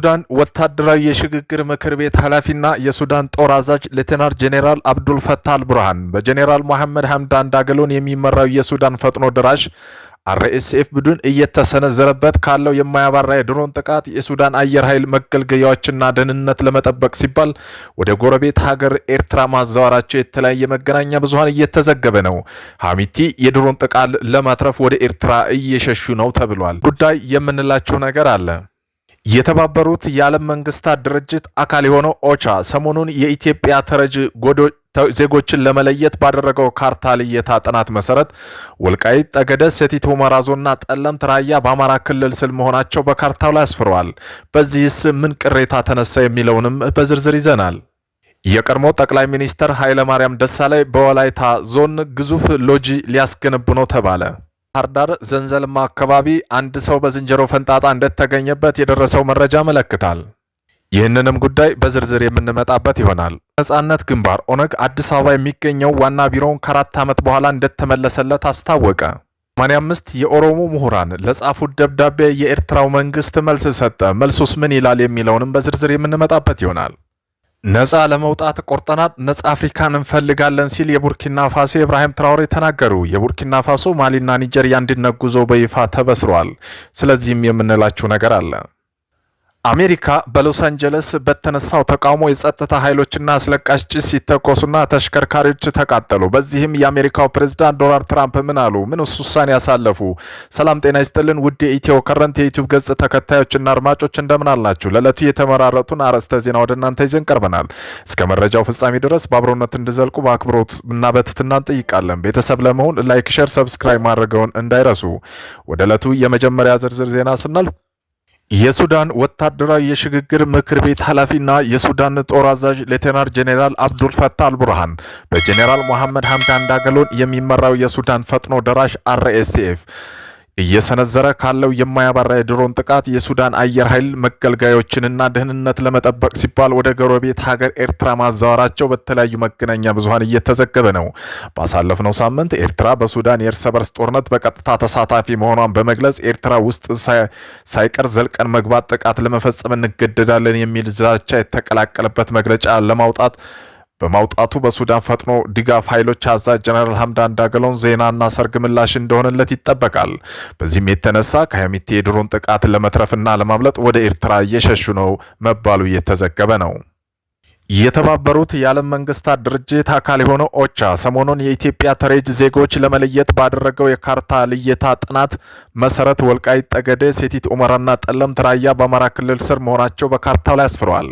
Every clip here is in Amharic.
የሱዳን ወታደራዊ የሽግግር ምክር ቤት ኃላፊና የሱዳን ጦር አዛዥ ሌተናር ጄኔራል አብዱል ፈታህ አልቡርሃን በጄኔራል መሐመድ ሐምዳን ዳገሎን የሚመራው የሱዳን ፈጥኖ ደራሽ አርኤስኤፍ ቡድን እየተሰነዘረበት ካለው የማያባራ የድሮን ጥቃት የሱዳን አየር ኃይል መገልገያዎችና ደህንነት ለመጠበቅ ሲባል ወደ ጎረቤት ሀገር ኤርትራ ማዛወራቸው የተለያየ መገናኛ ብዙሀን እየተዘገበ ነው። ሀሚቲ የድሮን ጥቃት ለማትረፍ ወደ ኤርትራ እየሸሹ ነው ተብሏል። ጉዳይ የምንላቸው ነገር አለ የተባበሩት የዓለም መንግስታት ድርጅት አካል የሆነው ኦቻ ሰሞኑን የኢትዮጵያ ጎዶ ዜጎችን ለመለየት ባደረገው ካርታ ልየታ ጥናት መሰረት ወልቃይት ጠገደ፣ ሰቲት ሁመራ ዞንና ጠለምት ራያ በአማራ ክልል ስል መሆናቸው በካርታው ላይ አስፍረዋል። በዚህስ ምን ቅሬታ ተነሳ የሚለውንም በዝርዝር ይዘናል። የቀድሞ ጠቅላይ ሚኒስትር ኃይለማርያም ደሳለኝ በወላይታ ዞን ግዙፍ ሎጂ ሊያስገነቡ ነው ተባለ። ባህር ዳር ዘንዘልማ አካባቢ አንድ ሰው በዝንጀሮ ፈንጣጣ እንደተገኘበት የደረሰው መረጃ ያመለክታል። ይህንንም ጉዳይ በዝርዝር የምንመጣበት ይሆናል። ነጻነት ግንባር ኦነግ አዲስ አበባ የሚገኘው ዋና ቢሮውን ከአራት ዓመት በኋላ እንደተመለሰለት አስታወቀ። 85 የኦሮሞ ምሁራን ለጻፉት ደብዳቤ የኤርትራው መንግስት መልስ ሰጠ። መልሱስ ምን ይላል የሚለውንም በዝርዝር የምንመጣበት ይሆናል። ነፃ ለመውጣት ቆርጠናል፣ ነፃ አፍሪካን እንፈልጋለን ሲል የቡርኪና ፋሶ ኢብራሂም ትራውሬ ተናገሩ። የቡርኪና ፋሶ ማሊና ኒጀር የአንድነት ጉዞ በይፋ ተበስሯል። ስለዚህም የምንላችሁ ነገር አለ አሜሪካ በሎስ አንጀለስ በተነሳው ተቃውሞ የጸጥታ ኃይሎችና አስለቃሽ ጭስ ሲተኮሱና ተሽከርካሪዎች ተቃጠሉ። በዚህም የአሜሪካው ፕሬዝዳንት ዶናልድ ትራምፕ ምን አሉ? ምን ውሳኔ ያሳለፉ? ሰላም ጤና ይስጥልን ውድ የኢትዮ ከረንት የዩቲዩብ ገጽ ተከታዮችና አድማጮች እንደምን አላችሁ? ለዕለቱ የተመራረጡን አርዕስተ ዜና ወደ እናንተ ይዘን ቀርበናል። እስከ መረጃው ፍጻሜ ድረስ በአብሮነት እንዲዘልቁ በአክብሮት እና በትህትና እንጠይቃለን። ቤተሰብ ለመሆን ላይክ፣ ሸር፣ ሰብስክራይብ ማድረገውን እንዳይረሱ። ወደ ዕለቱ የመጀመሪያ ዝርዝር ዜና ስናልፍ የሱዳን ወታደራዊ የሽግግር ምክር ቤት ኃላፊና የሱዳን ጦር አዛዥ ሌቴናር ጄኔራል አብዱል ፈታ አልቡርሃን በጄኔራል ሞሐመድ ሐምዳን ዳገሎን የሚመራው የሱዳን ፈጥኖ ደራሽ አርኤስኤፍ እየሰነዘረ ካለው የማያባራ የድሮን ጥቃት የሱዳን አየር ኃይል መገልገያዎችንና ደህንነት ለመጠበቅ ሲባል ወደ ጎረቤት ሀገር ኤርትራ ማዛወራቸው በተለያዩ መገናኛ ብዙሀን እየተዘገበ ነው። ባሳለፍነው ሳምንት ኤርትራ በሱዳን የእርስ በርስ ጦርነት በቀጥታ ተሳታፊ መሆኗን በመግለጽ ኤርትራ ውስጥ ሳይቀር ዘልቀን መግባት ጥቃት ለመፈጸም እንገደዳለን የሚል ዛቻ የተቀላቀለበት መግለጫ ለማውጣት በማውጣቱ በሱዳን ፈጥኖ ድጋፍ ኃይሎች አዛዥ ጀነራል ሀምዳን ዳገሎን ዜናና ሰርግ ምላሽ እንደሆነለት ይጠበቃል። በዚህም የተነሳ ከሀሚቲ የድሮን ጥቃት ለመትረፍና ለማምለጥ ወደ ኤርትራ እየሸሹ ነው መባሉ እየተዘገበ ነው። የተባበሩት የዓለም መንግስታት ድርጅት አካል የሆነው ኦቻ ሰሞኑን የኢትዮጵያ ተሬጅ ዜጎች ለመለየት ባደረገው የካርታ ልየታ ጥናት መሰረት ወልቃይ ጠገዴ፣ ሴቲት ኡመራና ጠለምት ራያ በአማራ ክልል ስር መሆናቸው በካርታው ላይ አስፍረዋል።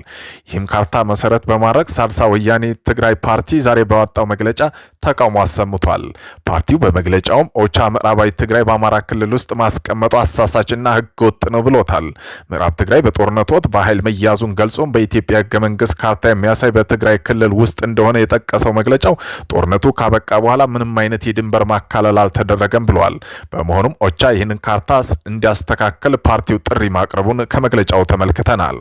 ይህም ካርታ መሰረት በማድረግ ሳልሳ ወያኔ ትግራይ ፓርቲ ዛሬ በወጣው መግለጫ ተቃውሞ አሰምቷል። ፓርቲው በመግለጫውም ኦቻ ምዕራባዊ ትግራይ በአማራ ክልል ውስጥ ማስቀመጡ አሳሳችና ህገወጥ ነው ብሎታል። ምዕራብ ትግራይ በጦርነት ወቅት በኃይል መያዙን ገልጾም በኢትዮጵያ ህገ መንግስት ካርታ የሚያሳይ በትግራይ ክልል ውስጥ እንደሆነ የጠቀሰው መግለጫው ጦርነቱ ካበቃ በኋላ ምንም አይነት የድንበር ማካለል አልተደረገም ብለዋል። በመሆኑም ኦቻ ይህንን ካርታ እንዲያስተካከል ፓርቲው ጥሪ ማቅረቡን ከመግለጫው ተመልክተናል።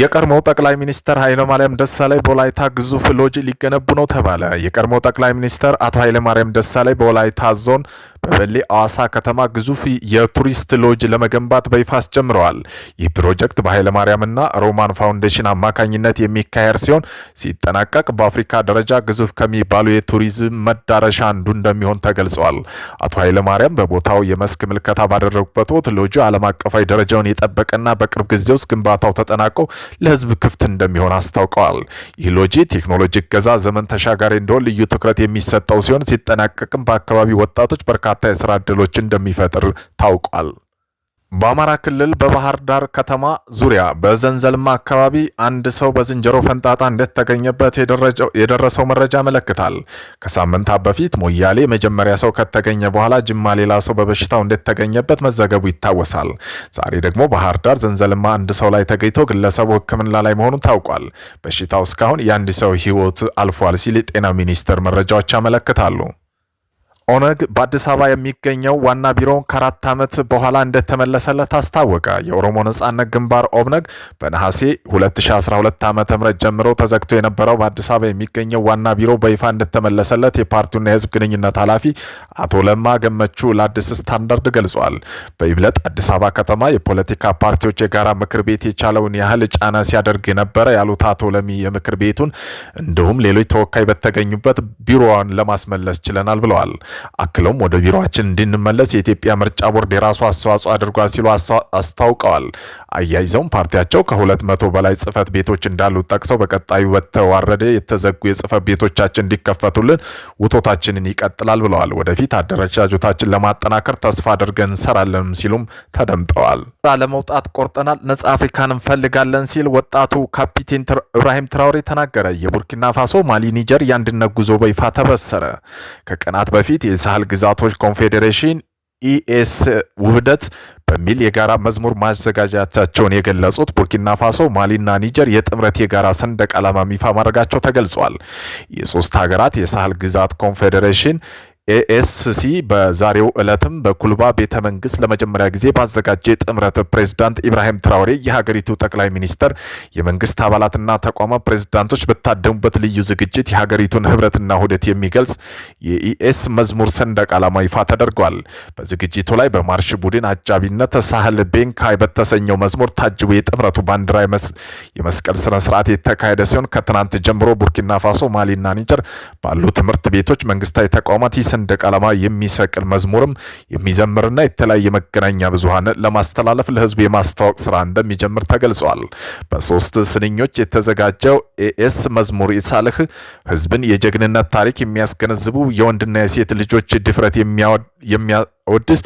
የቀድሞው ጠቅላይ ሚኒስትር ኃይለማርያም ደሳለኝ በወላይታ ግዙፍ ሎጅ ሊገነቡ ነው ተባለ። የቀድሞው ጠቅላይ ሚኒስትር አቶ ኃይለማርያም ደሳለኝ በወላይታ ዞን በበሌ አዋሳ ከተማ ግዙፍ የቱሪስት ሎጅ ለመገንባት በይፋ አስጀምረዋል። ይህ ፕሮጀክት በኃይለማርያምና ሮማን ፋውንዴሽን አማካኝነት የሚካሄድ ሲሆን ሲጠናቀቅ በአፍሪካ ደረጃ ግዙፍ ከሚባሉ የቱሪዝም መዳረሻ አንዱ እንደሚሆን ተገልጸዋል። አቶ ኃይለማርያም በቦታው የመስክ ምልከታ ባደረጉበት ወቅት ሎጁ ዓለም አቀፋዊ ደረጃውን የጠበቀና በቅርብ ጊዜ ውስጥ ግንባታው ተጠናቆ ለህዝብ ክፍት እንደሚሆን አስታውቀዋል። ይህ ሎጂ ቴክኖሎጂ እገዛ ዘመን ተሻጋሪ እንደሆን ልዩ ትኩረት የሚሰጠው ሲሆን ሲጠናቀቅም በአካባቢ ወጣቶች በርካታ በርካታ የስራ እድሎች እንደሚፈጥር ታውቋል። በአማራ ክልል በባህር ዳር ከተማ ዙሪያ በዘንዘልማ አካባቢ አንድ ሰው በዝንጀሮ ፈንጣጣ እንደተገኘበት የደረሰው መረጃ ያመለክታል። ከሳምንታት በፊት ሞያሌ መጀመሪያ ሰው ከተገኘ በኋላ ጅማ ሌላ ሰው በበሽታው እንደተገኘበት መዘገቡ ይታወሳል። ዛሬ ደግሞ ባህር ዳር ዘንዘልማ አንድ ሰው ላይ ተገኝቶ ግለሰቡ ሕክምና ላይ መሆኑ ታውቋል። በሽታው እስካሁን የአንድ ሰው ሕይወት አልፏል ሲል የጤና ሚኒስቴር መረጃዎች ያመለክታሉ። ኦነግ በአዲስ አበባ የሚገኘው ዋና ቢሮውን ከአራት ዓመት በኋላ እንደተመለሰለት አስታወቀ። የኦሮሞ ነጻነት ግንባር ኦብነግ በነሐሴ 2012 ዓ ም ጀምሮ ተዘግቶ የነበረው በአዲስ አበባ የሚገኘው ዋና ቢሮ በይፋ እንደተመለሰለት የፓርቲውና የህዝብ ግንኙነት ኃላፊ አቶ ለማ ገመቹ ለአዲስ ስታንዳርድ ገልጿል። በይብለጥ አዲስ አበባ ከተማ የፖለቲካ ፓርቲዎች የጋራ ምክር ቤት የቻለውን ያህል ጫና ሲያደርግ የነበረ ያሉት አቶ ለሚ የምክር ቤቱን እንዲሁም ሌሎች ተወካይ በተገኙበት ቢሮዋን ለማስመለስ ችለናል ብለዋል። አክለውም ወደ ቢሮችን እንድንመለስ የኢትዮጵያ ምርጫ ቦርድ የራሱ አስተዋጽኦ አድርጓል ሲሉ አስታውቀዋል። አያይዘውም ፓርቲያቸው ከሁለት መቶ በላይ ጽህፈት ቤቶች እንዳሉት ጠቅሰው በቀጣዩ በተዋረደ የተዘጉ የጽህፈት ቤቶቻችን እንዲከፈቱልን ውቶታችንን ይቀጥላል ብለዋል። ወደፊት አደረጃጀታችን ለማጠናከር ተስፋ አድርገን እንሰራለን ሲሉም ተደምጠዋል። ለመውጣት ቆርጠናል፣ ነጻ አፍሪካን እንፈልጋለን ሲል ወጣቱ ካፒቴን ኢብራሂም ትራውሬ ተናገረ። የቡርኪና ፋሶ፣ ማሊ፣ ኒጀር የአንድነት ጉዞ በይፋ ተበሰረ። ከቀናት በፊት ድርጅት የሳህል ግዛቶች ኮንፌዴሬሽን ኢኤስ ውህደት በሚል የጋራ መዝሙር ማዘጋጃቻቸውን የገለጹት ቡርኪና ፋሶ፣ ማሊና ኒጀር የጥምረት የጋራ ሰንደቅ ዓላማ ይፋ ማድረጋቸው ተገልጿል። የሶስት ሀገራት የሳህል ግዛት ኮንፌዴሬሽን ኤኤስሲ በዛሬው ዕለትም በኩልባ ቤተ መንግስት ለመጀመሪያ ጊዜ ባዘጋጀ ጥምረት ፕሬዝዳንት ኢብራሂም ትራውሬ የሀገሪቱ ጠቅላይ ሚኒስተር፣ የመንግስት አባላትና ተቋማት ፕሬዝዳንቶች በታደሙበት ልዩ ዝግጅት የሀገሪቱን ህብረትና ውህደት የሚገልጽ የኢኤስ መዝሙር ሰንደቅ ዓላማ ይፋ ተደርጓል። በዝግጅቱ ላይ በማርሽ ቡድን አጃቢነት ሳህል ቤንካይ በተሰኘው መዝሙር ታጅቦ የጥምረቱ ባንዲራ የመስቀል ስነ ስርዓት የተካሄደ ሲሆን ከትናንት ጀምሮ ቡርኪና ፋሶ፣ ማሊና ኒጀር ባሉ ትምህርት ቤቶች መንግስታዊ ተቋማት ሰንደቅ ዓላማ የሚሰቅል መዝሙርም የሚዘምርና የተለያየ መገናኛ ብዙሃን ለማስተላለፍ ለህዝብ የማስታወቅ ስራ እንደሚጀምር ተገልጿል። በሶስት ስንኞች የተዘጋጀው ኤኤስ መዝሙር የሳልህ ህዝብን የጀግንነት ታሪክ የሚያስገነዝቡ የወንድና የሴት ልጆች ድፍረት ኦዲስ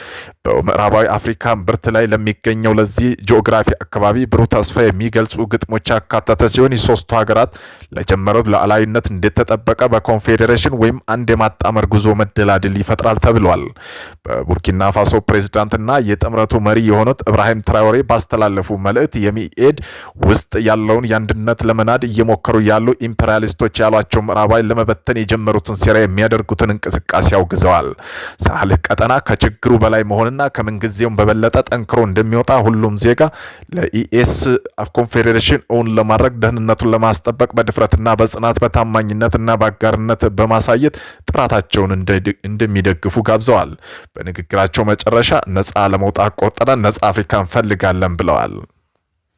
በምዕራባዊ አፍሪካ ምርት ላይ ለሚገኘው ለዚህ ጂኦግራፊ አካባቢ ብሩህ ተስፋ የሚገልጹ ግጥሞች ያካተተ ሲሆን የሶስቱ ሀገራት ለጀመረው ሉዓላዊነት እንደተጠበቀ በኮንፌዴሬሽን ወይም አንድ የማጣመር ጉዞ መደላድል ይፈጥራል ተብሏል። በቡርኪና ፋሶ ፕሬዚዳንትና የጥምረቱ መሪ የሆኑት ኢብራሂም ትራዎሬ ባስተላለፉ መልእክት የሚኤድ ውስጥ ያለውን የአንድነት ለመናድ እየሞከሩ ያሉ ኢምፔሪያሊስቶች ያሏቸው ምዕራባዊ ለመበተን የጀመሩትን ሴራ የሚያደርጉትን እንቅስቃሴ አውግዘዋል። ሳልህ ቀጠና ከ ከችግሩ በላይ መሆንና ከምንጊዜውም በበለጠ ጠንክሮ እንደሚወጣ ሁሉም ዜጋ ለኢኤስ ኮንፌዴሬሽን እውን ለማድረግ ደህንነቱን ለማስጠበቅ በድፍረትና በጽናት በታማኝነትና በአጋርነት በማሳየት ጥራታቸውን እንደሚደግፉ ጋብዘዋል። በንግግራቸው መጨረሻ ነፃ ለመውጣት ቆርጠናል፣ ነፃ አፍሪካ እንፈልጋለን ብለዋል።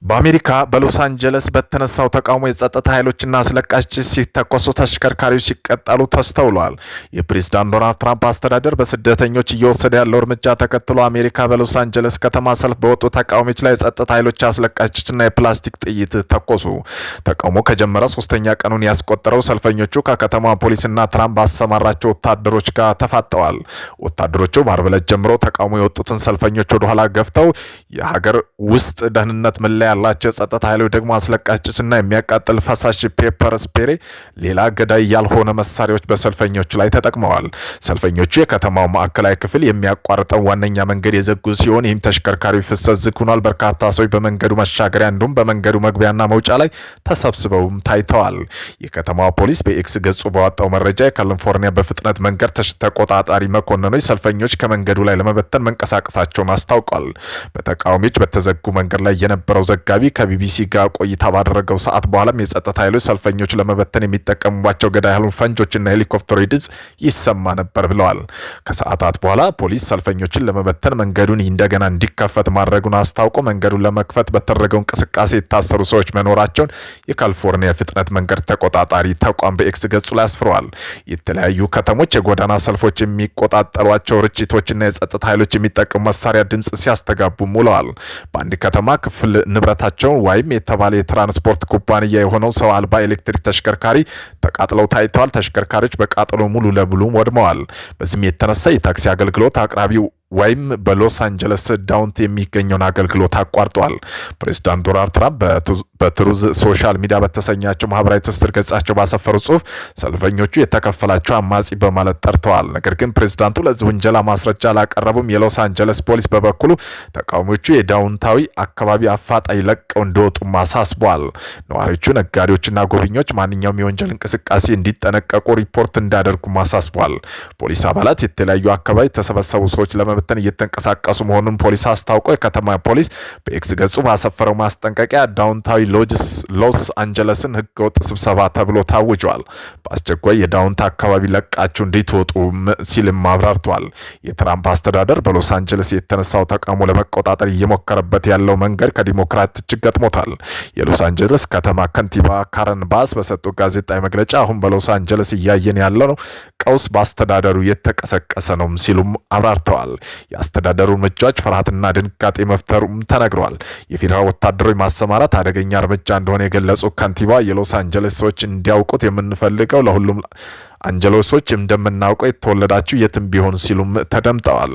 በአሜሪካ በሎስ አንጀለስ በተነሳው ተቃውሞ የጸጥታ ኃይሎችና አስለቃሽ ጭስ ሲተኮሱ ተሽከርካሪዎች ሲቀጠሉ ተስተውሏል። የፕሬዚዳንት ዶናልድ ትራምፕ አስተዳደር በስደተኞች እየወሰደ ያለው እርምጃ ተከትሎ አሜሪካ በሎስ አንጀለስ ከተማ ሰልፍ በወጡ ተቃዋሚዎች ላይ የጸጥታ ኃይሎች አስለቃሽ ጭስና የፕላስቲክ ጥይት ተኮሱ። ተቃውሞ ከጀመረ ሶስተኛ ቀኑን ያስቆጠረው ሰልፈኞቹ ከከተማ ፖሊስና ትራምፕ አሰማራቸው ወታደሮች ጋር ተፋጠዋል። ወታደሮቹ በአርብ ዕለት ጀምሮ ተቃውሞ የወጡትን ሰልፈኞች ወደኋላ ገፍተው የሀገር ውስጥ ደህንነት መለያ ያላቸው የጸጥታ ኃይሎች ደግሞ አስለቃሽ ጭስና የሚያቃጥል ፈሳሽ ፔፐር ስፔሬ፣ ሌላ ገዳይ ያልሆነ መሳሪያዎች በሰልፈኞቹ ላይ ተጠቅመዋል። ሰልፈኞቹ የከተማው ማዕከላዊ ክፍል የሚያቋርጠው ዋነኛ መንገድ የዘጉ ሲሆን ይህም ተሽከርካሪ ፍሰት ዝግ ሆኗል። በርካታ ሰዎች በመንገዱ መሻገሪያ እንዲሁም በመንገዱ መግቢያና መውጫ ላይ ተሰብስበውም ታይተዋል። የከተማዋ ፖሊስ በኤክስ ገጹ ባወጣው መረጃ የካሊፎርኒያ በፍጥነት መንገድ ተቆጣጣሪ መኮንኖች ሰልፈኞች ከመንገዱ ላይ ለመበተን መንቀሳቀሳቸውን አስታውቋል። በተቃዋሚዎች በተዘጉ መንገድ ላይ የነበረው ዘጋቢ ከቢቢሲ ጋር ቆይታ ባደረገው ሰዓት በኋላም የጸጥታ ኃይሎች ሰልፈኞች ለመበተን የሚጠቀሙባቸው ገዳይ ያሉን ፈንጆችና ሄሊኮፕተሮች ድምፅ ይሰማ ነበር ብለዋል። ከሰዓታት በኋላ ፖሊስ ሰልፈኞችን ለመበተን መንገዱን እንደገና እንዲከፈት ማድረጉን አስታውቆ መንገዱን ለመክፈት በተደረገው እንቅስቃሴ የታሰሩ ሰዎች መኖራቸውን የካሊፎርኒያ ፍጥነት መንገድ ተቆጣጣሪ ተቋም በኤክስ ገጹ ላይ አስፍረዋል። የተለያዩ ከተሞች የጎዳና ሰልፎች የሚቆጣጠሯቸው ርችቶችና የጸጥታ ኃይሎች የሚጠቀሙ መሳሪያ ድምፅ ሲያስተጋቡ ውለዋል። በአንድ ከተማ ክፍል ንብረ ንብረታቸው ወይም የተባለ የትራንስፖርት ኩባንያ የሆነው ሰው አልባ ኤሌክትሪክ ተሽከርካሪ ተቃጥለው ታይተዋል። ተሽከርካሪዎች በቃጠሎ ሙሉ ለሙሉ ወድመዋል። በዚህም የተነሳ የታክሲ አገልግሎት አቅራቢው ወይም በሎስ አንጀለስ ዳውንት የሚገኘውን አገልግሎት አቋርጧል። ፕሬዚዳንት ዶናልድ ትራምፕ በትሩዝ ሶሻል ሚዲያ በተሰኛቸው ማህበራዊ ትስስር ገጻቸው ባሰፈሩ ጽሁፍ ሰልፈኞቹ የተከፈላቸው አማጺ በማለት ጠርተዋል። ነገር ግን ፕሬዚዳንቱ ለዚህ ውንጀላ ማስረጃ አላቀረቡም። የሎስ አንጀለስ ፖሊስ በበኩሉ ተቃዋሚዎቹ የዳውንታዊ አካባቢ አፋጣኝ ለቀው እንዲወጡም አሳስቧል። ነዋሪዎቹ፣ ነጋዴዎችና ጎብኚዎች ማንኛውም የወንጀል እንቅስቃሴ እንዲጠነቀቁ ሪፖርት እንዳደርጉም አሳስቧል። ፖሊስ አባላት የተለያዩ አካባቢ የተሰበሰቡ ሰዎች ለመ ለመበተን እየተንቀሳቀሱ መሆኑን ፖሊስ አስታውቆ የከተማ ፖሊስ በኤክስ ገጹ ባሰፈረው ማስጠንቀቂያ ዳውንታዊ ሎጅስ ሎስ አንጀለስን ህገወጥ ስብሰባ ተብሎ ታውጇል። በአስቸኳይ የዳውንታ አካባቢ ለቃችሁ እንዲትወጡ ሲልም አብራርቷል። የትራምፕ አስተዳደር በሎስ አንጀለስ የተነሳው ተቃውሞ ለመቆጣጠር እየሞከረበት ያለው መንገድ ከዲሞክራት ችግር ገጥሞታል። የሎስ አንጀለስ ከተማ ከንቲባ ካረን ባስ በሰጡ ጋዜጣዊ መግለጫ አሁን በሎስ አንጀለስ እያየን ነው ቀውስ በአስተዳደሩ የተቀሰቀሰ ነው ሲሉም አብራርተዋል። የአስተዳደሩ እርምጃዎች ፍርሃትና ድንጋጤ መፍጠሩም ተነግረዋል። የፌዴራል ወታደሮች ማሰማራት አደገኛ እርምጃ እንደሆነ የገለጹ ከንቲባ የሎስ አንጀለስ ሰዎች እንዲያውቁት የምንፈልገው ለሁሉም አንጀሎሶች እንደምናውቀው የተወለዳችሁ የትም ቢሆን ሲሉም ተደምጠዋል።